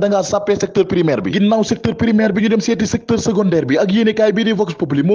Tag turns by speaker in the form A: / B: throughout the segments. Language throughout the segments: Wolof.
A: dangaa sàppee secteur primaire bi ginnaaw secteur primaire bi ñu dem seeti secteur secondaire bi ak yéenekaay bi di Vox Populi bi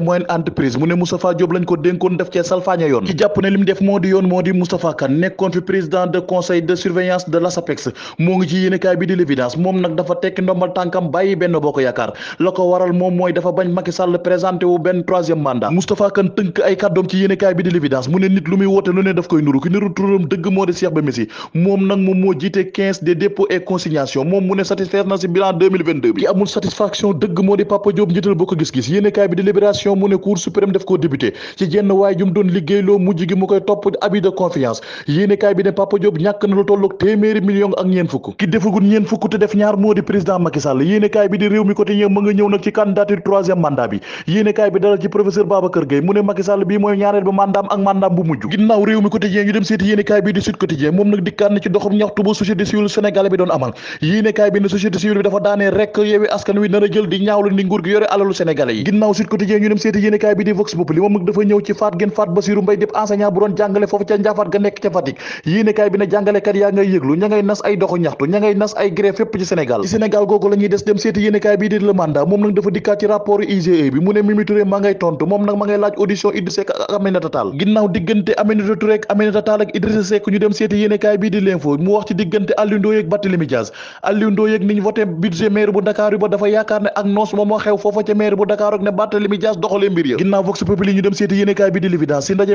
A: mu ne Moustapha Diop lañ ko dénkoon def cee salfaaña yoon ki jàpp ne li def moo di yoon moo di Moustapha Kane nekkoon fi président de conseil de surveillance de la SAPEX moo ngi ci yéenekaay bi di l'évidence moom nag dafa tekki ndombal tànkam bàyyi benn boo ko yaakaar la ko waral moom mooy dafa bañ Macky Sall présenté benn troisième mandat Moustapha Kane tënk ay kàddoom ci yéenekaay bi di l'évidence mu ne nit lu muy woote lu ne daf koy nuru ki niru turam dëgg moo di Cheikh Ba Messi ki amul satisfaction dëgg moo di Papa Diop njiital boo ko gis-gis yéenekaay bi di libération mu ne cour suprême daf koo téeméeri million ak ñeen fukk ki defagul ñeen fukk te def ñaar moo di président Macky Sall yéene bi di réew mi côté ñëw ñëw nag di ñaawlu ni nguur gi yore alalu sénégalais yi ginnaaw sud quotidien ñu dem seeti yéene kaay bi di vox populi moom nag dafa ñëw ci faat gen faat Bassirou Mbaye dép enseignant bu doon jàngale foofu ca njaafaat ga nekk ca Fatick yéene kaay bi ne jàngalekat yaa ngay yëglu ña ngay nas ay doxu ñaxtu ña ngay nas ay grève fépp ci Sénégal ci Sénégal googu la des dem seeti yéenekaay e bi di l'info mu ndaje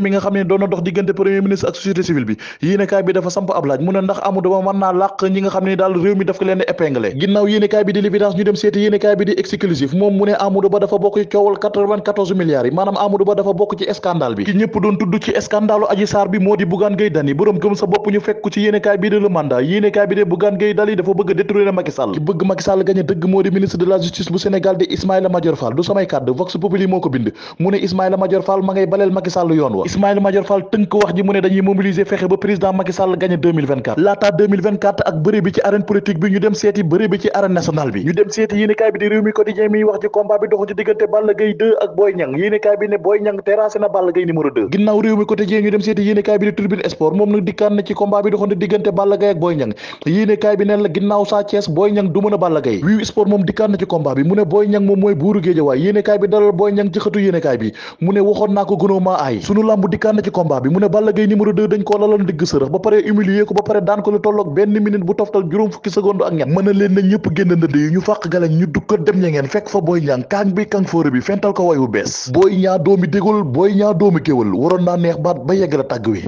A: mi nga xam ne doon na dox diggante premier ministre ak société civile bi yéenekaay bi dafa samp ab laaj mu ne ndax Amadou Ba moom mën naa làq ñi nga xam ne daal réew mi daf ko leen di épinglé ginnaaw yéenekaay bi di l'évidence ñu dem seeti yéenekaay bi di exclusif moom mu ne Amadou Ba dafa bokk ci coowal 94 milliards yi Amadou Ba dafa bokk ci scandale bi ki ñëpp doon tudd ci scandalu Adji Sarr bi moo di Bougane Gueye Dany boroom gëm sa bopp ñu fekk ci yéenekaay bi di Le Mandat yéenekaay bi de Bougane Gueye Dany dafa bëgg détrôner Macky Sall ki bëgg Macky Sall gañe dëgg moo di ministre de la justice bu Sénégal di Ismaïla Madior Fall du samay kàddu Vox Populi moo bind mu ne Ismaïla Madior Fall ma ngay baleel Macky Sall yoon wa Ismaïla Madior Fall tënk wax ji mu ne dañuy mobiliser fexe ba président Macky Sall 2024 2024 ak bëri ci arène politique bi ñu dem seeti bëri ci arène nationale bi ñu dem seeti yéenekaay bi di réew mi quotidien mi wax ci combat bi dox diggante Balla Gaye ak Boy Niang yéenekaay bi ne ginnaaw réew mi Boy Niang du mën a Balla Gaye wiiw sport dañ ko laloon digg sërëx ba pare humilier ko ba pare daan ko lu tolloog benn minute bu toftal juróom fukki seconde ak ñett mën a leen na ñëpp génn ndënd yi ñu fàq galañ ñu dukkat dem ña ngeen fekk fa Boy Niang kaang bi kang fóore bi fental ko wayu bees Boy Niang doomi dégul Boy Niang doomi géwal waroon naa neex baat ba yegg la tàgg wi